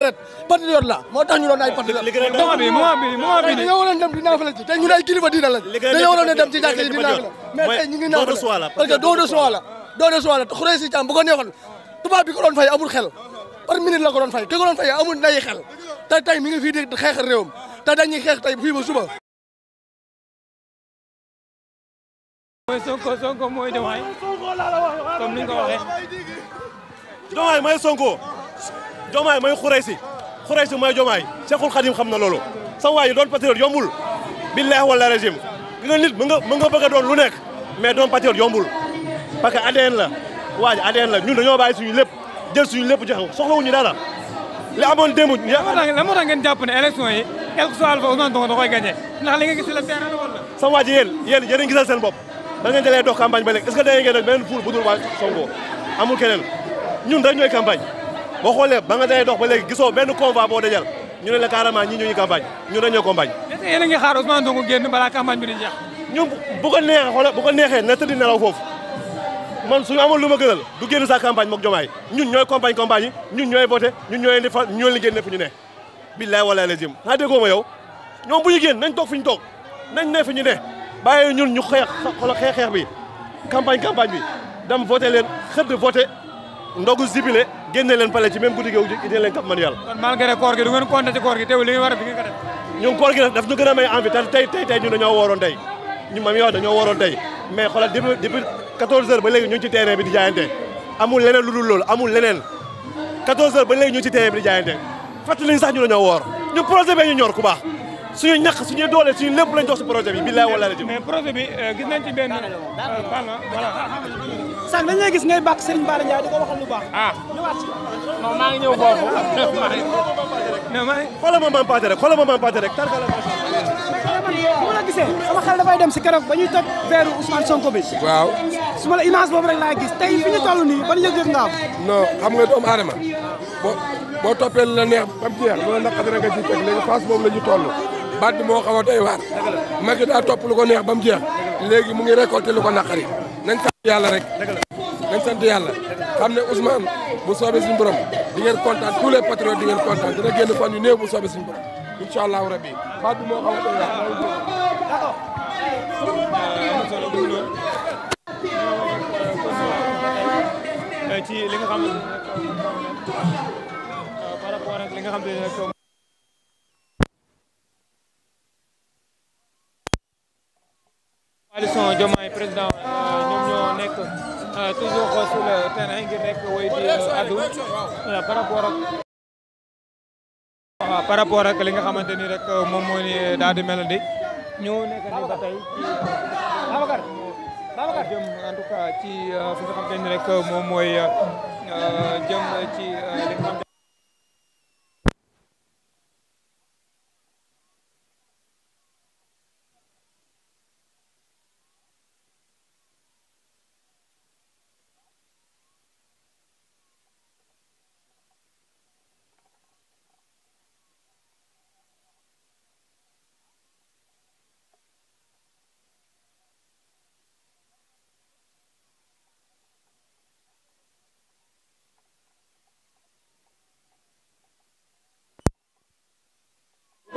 patriote la moo tax ñu doon ay patriote moment bi moment bi moment bi dañoo waroon dem di naafale ci te ñun ay kilifa diina lañ dañoo waroon dem ci jàkk yi di naafale mais tey ñu ngi naafale parce que don de soi la don de soi la xuree si jàmm bu ko neexoon tubaab bi ko doon fay amul xel par minute la ko doon fay te ko doon fay amul nay xel te tey mi ngi fii di xeex réewam te dañuy xeex tey fii ba suba mooy Sonko Sonko mooy Diomaye comme ni nga ko waxee Diomaye mooy Sonko joomaay mooy xuraysi xuraysi mooy jomaay Cheikhul Khadim xam na loolo sama waay yi doon patriote yombul billahi wala régime nga nit mën nga mën nga bëgg a doon lu nekk mais doon patriote yombul parce que ADN la waa ji ADN la ñun dañoo bàyyi suñu lépp jël suñu lépp joxe soxlawuñu dara li amoon démb la moo tax ngeen jàpp ne élection yi quel que soit Alpha Ousmane Sonko da koy gagné li nga gis si le terrain wala sama waa ji yéen yéen yéen a ngi gisal seen bopp da ngeen ñooy campagne boo xoolee ba nga day dox ba léegi gisoo benn convoi boo dajal ñu ne la carrément ñi ñuñu campagne ñu dañoo campagne yéen a ngi xaar Ousmane Sonko génn balaa bi di jeex ñu bu ko neexee ko neexee na tëddi nelaw foofu man suñ amoon lu ma gënal du génn sa campagne mook jomaay ñun ñooy campagne campagne yi ñun ñooy voté ñun ñooy indi fa ñoo li génn nepp ñu ne billaay walaay la jëm xanaa déggoo yow ñoom bu ñu nañ toog fi ñu toog nañ ne fi ñu ne bàyyi ñun ñu xeex xeex xeex bi campagne campagne bi dam voté leen xëdd voté ndogu sibile génne leen pale ci même guddi gi génne leen Cap Manuel. ñun koor may envie te tey tey ñun dañoo wooroon tey ñu ma mi wax dañoo wooroon tey mais xoolal depuis ci terrain di jaayante amul leneen lu dul loolu amul leneen 14 heures ba léegi ñu ci terrain di jaayante fàttali sax ñu dañoo woor ñu projet bee ñu ñor ku baax suñu ñax suñu doole suñu lépp lañ jox billaay wala la sànq dañ lay gis ngay bàkk Serigne Bara Ndiaye di ko waxal baax. ah ñëwaat si. ngi ñëw foofu ma Mame Pathé rek xoolal ma Mame Pathé si keroog ba ñuy toj veeru waaw su ma la image boobu rek laa gis tey fi ñu toll nii xam nga doomu aadama boo boo toppee la neex ba mu jeex loolu nag dina nga ci teg la ñu toll. baat bi xaw a doy topp lu ko neex ba mu jeex léegi mu ngi récolté lu ko naqari nañ sant yàlla rek nañ sant yàlla xam ne Ousmane bu soobee suñu borom di ngeen kontaan tous les patriotes di ngeen kontaan dina génn fan yu néew bu soobee suñu borom incha bi moo euh, ci li nga xam par li nga xam ne coalition Diomaye président euh, ñoom Euh, toujours euh, euh, par rapport ak li nga xamante ni rek moom moo ni daal di di ñu ba tey Babacar jëm en tout cas ci fi nga xamante ni rek mooy jëm ci li nga xamante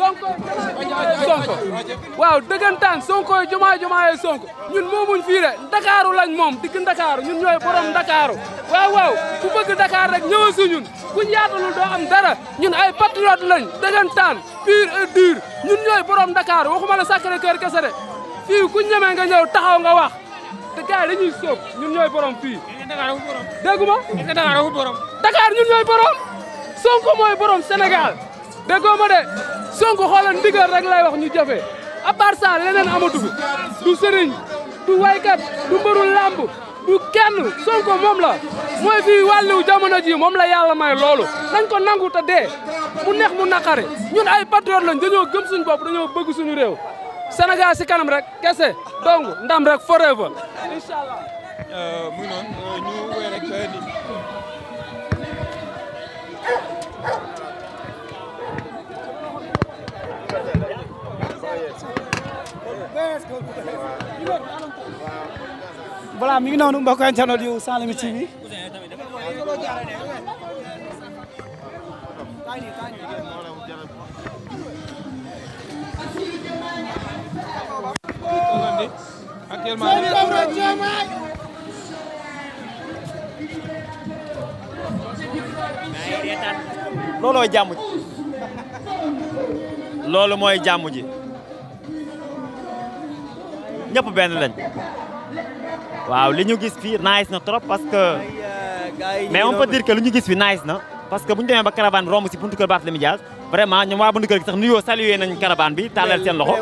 Sonko Sonko waaw dëggantaan Sonko jumaa jumaa Sonko ñun moomuñ fii de lañ moom digg Ndakaaru ñun ñooy borom Ndakaaru waaw waaw ku bëgg Dakar rek ñëw si ñun kuñ yaatalul doo am dara ñun ay patriote lañ dëggantaan pur et dur ñun ñooy borom Dakar waxuma la Sacré-Cœur kese de fii ku ñemee nga ñëw taxaw nga wax te ñun ñooy borom fii. déggu ma ñun ñooy borom. Sonko mooy borom Sénégal déggoo ma de Sonko xoolal ndigal rek lay wax ñu jafe a part ça leneen amatu du sëriñ du waykat du mbëru làmb du kenn Sonko moom la mooy fii wàllu jamono ji moom la yàlla may loolu nañ ko nangu te dee mu neex mu naqare ñun ay patriote lañ dañoo gëm suñ bopp dañoo bëgg suñu réew Sénégal si kanam rek kese dong ndam rek forever incha allah. Euh, voilà mi ngi noonu mbokk internet yu Sans Limites TV actuellement loolooy jàmm ji loolu mooy jàmm ji ñëpp benn lañ waaw li ñu gis fii nice na trop parce que mais on peut dire que li ñu gis fii nice na parce que bu ñu demee ba caravane bi romb si buntu kër Barthélémy Dias vraiment ñoom waa buntu kër gi sax nuyoo salué nañ caravane bi tàllal seen loxo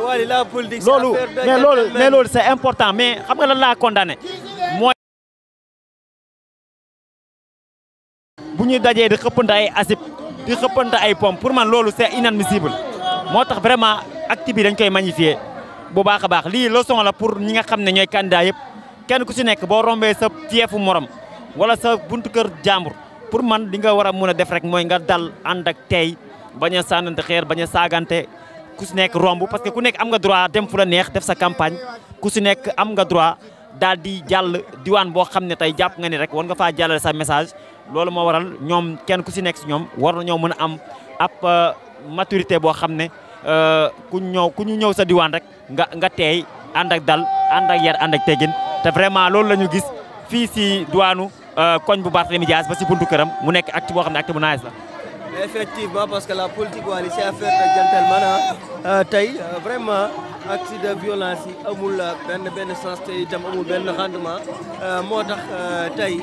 loolu mais loolu mais loolu c'est important mais xam nga lan laa condamné mooy bu ñuy dajee di xëppante ay asib di ay pom pour man loolu c'est inadmissible moo tax vraiment acte dañ koy magnifier bu baax a baax lii leçon la pour ñi nga xam ne ñooy yëpp kenn ku si nekk boo rombee sa ceefu morom wala sa buntu kër jàmbur pour man li nga war a mun a def rek mooy nga dal ànd ak tey bañ a sànnante xeer bañ saagante ku si nekk romb parce que ku nekk am nga droit dem fu la neex def sa campagne ku si nekk am nga droit daal di jàll diwaan boo xam ne tey jàpp nga ni rek war nga faa jàllale sa message loolu moo waral ñoom kenn ku si nekk si ñoom war na ñoo mën a am ab euh, maturité boo xam ne euh, ku ñëw ku ñu ñëw sa diwaan rek nga nga teey ànd ak dal ànd ak yar ànd ak teggin te vraiment loolu la ñu gis fii si duwaanu euh, koñ bu Barthélémy Dias ba si buntu këram mu nekk acte boo xam ne acte bu naaj la. effectivement parce que la politique wali c'est affaire de gentleman ah tey euh, vraiment acte de violence amul benn benn sens te itam amul benn rendement moo tax tey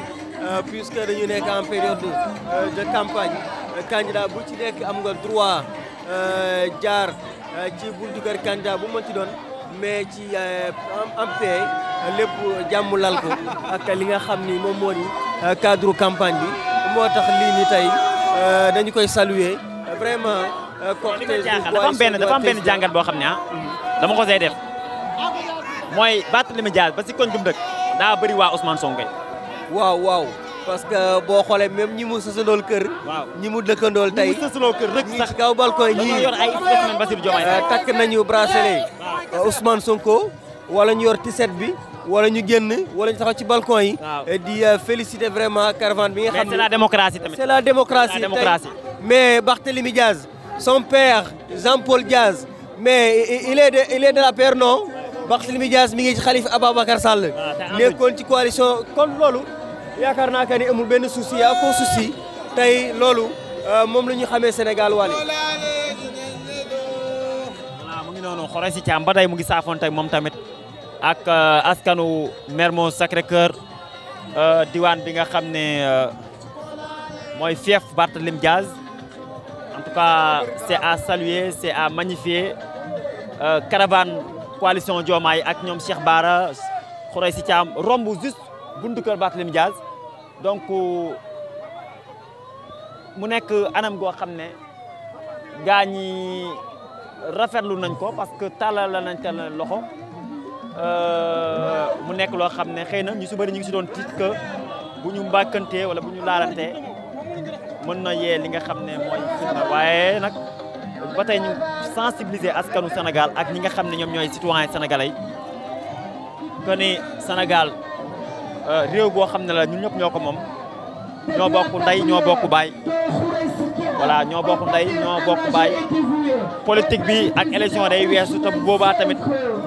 puisque dañu nekk en période de campagne candidat bu ci nekk am nga droit jaar ci buntu kër candidat bu mën ci doon. mais ci euh, am paix lépp jàmm lal ko ak li nga xam ni moom moo di euh, cadre campagne bi moo tax lii ni tey euh, dañu koy saluer vraiment. cortège dafa am benn dafa am benn jàngat boo xam ne ah. dama ko see def mooy Barthélémy Dias ba si koñ jum dëkk daa bëri waa Ousmane Sonko. waaw waaw. que boo xoolee même ñi mu sësandool kër. waaw ñi mu dëkkandool tey ñi mu sësandool kër rek sax. ñi ci kaw balcon ñii takk nañu bracelet Euh, Ousmane Sonko wala ñu yor tiset bi wala ñu génn wala ñu taxaw ci balcon yi. di euh, féliciter vraiment caravane bi nga xam ne. c'est la démocratie tamit c'est la démocratie mais Barthélémy Diaz son père Jean-Paul Diaz mais il est de il est de la paire non Barthélémy Diaz mi ngi ci Khalifa Ababacar Sall. Ah, nekkoon ci coalition kon loolu. yaakaar naa que ni amul benn souci yaa ko souci tey loolu euh, moom la ñu xamee Sénégal wàll noonu Khoureyssi Thiam ba tey mu ngi saafoon tey moom tamit ak euh, askanu Mermoz sacré euh, diwaan bi nga xam ne euh, mooy fief Barthélémy Diaz en tout cas c'est à saluer c'est à magnifier caravane coalition Diomaye ak ñoom Cheikh Bara Khoureyssi Thiam romb juste buntu kër Barthélémy Diaz donc mu nekk anam goo xam ne gaa rafetlu nañ ko parce que tàllal nañ tàllal loxo euh, mu nekk loo xam ne xëy na ñu si bëri ñu ngi si doon tiit que bu ñu mbàkkantee wala bu ñu laalantee mën na yee li nga xam ne mooy fitna waaye nag ba tey askanu Sénégal ak ñi nga xam ne ñoom ñooy citoyen sénégalais que ni Sénégal euh, réew boo xam ne la ñun ñëpp ñoo ko moom ñoo bokk ndey ñoo bokk baay voilà ñoo bokk ndey ñoo bokk baay politique bi ak élection day weesu te bu boobaa tamit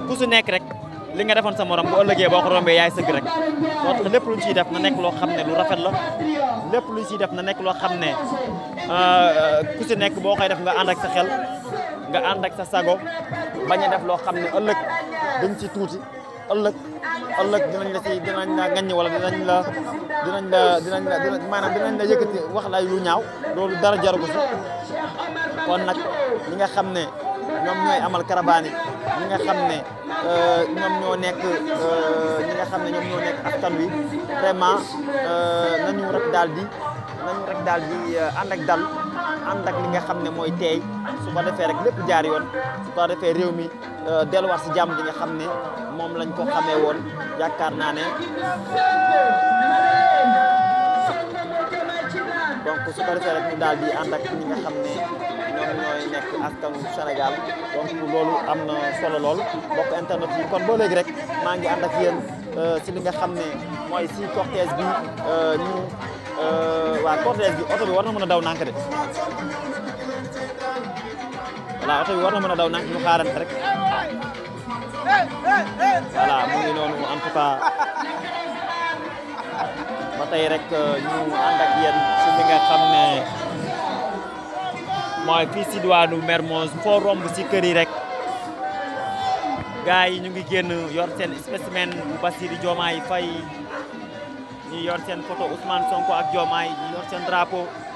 ku su nekk rek li nga defoon sa morom bu ëllëgee boo ko rombee yaay sëgg rek moo tax lépp lu ñu ciy def na nekk loo xam ne lu rafet la lépp lu ñu def na nekk loo xam ne euh, ku si nekk boo koy def nga ànd ak sa xel nga ànd ak sa sago bañ a def loo xam ne ëllëg dañ ci tuuti ëllëg ëllëg dinañ la si dinañ la ŋaññi wala dinañ la dinañ la dinañ la maanaam dinañ la yëkkati wax la yu ñaaw loolu dara jaru ko si kon nag nga xam ne ñoom amal karabaan yi ñi nga xam euh, ñoo nekk euh, ñi nga xam ne ñoom ñoo nekk euh, nañu rek daal di nañu rek daal di ànd ak dal ànd li nga xam ne mooy teey su ko defee rek lépp jaar yoon su ko defee réew mi delluwaat si jàmm bi nga xam ne moom lañ ko amee woon yaakaar naa ne donc su ko defee rek ñu daal di ànd ak ñi nga xam ne xam ne ñooy nekk askan Sénégal donc loolu am na solo lool mbokk internet yi kon ba léegi rek maa ngi ànd ak yéen si euh, li nga xam ne mooy si cortège gi euh, ñu euh, waa cortège bi oto bi war na mën a daw nànk de voilà oto bi war na mën a daw nànk ñu xaarante rek voilà mu ngi noonu en tout cas ba tey rek ñu ànd ak yéen si xam ne. mooy fii si diwaanu Mermoz foo romb si kër yi rek gars yi ñu ngi génn yor seen spécimen bu Bassirou Diomaye Faye ñi yor seen photo Ousmane Sonko ak Diomaye ñi yor seen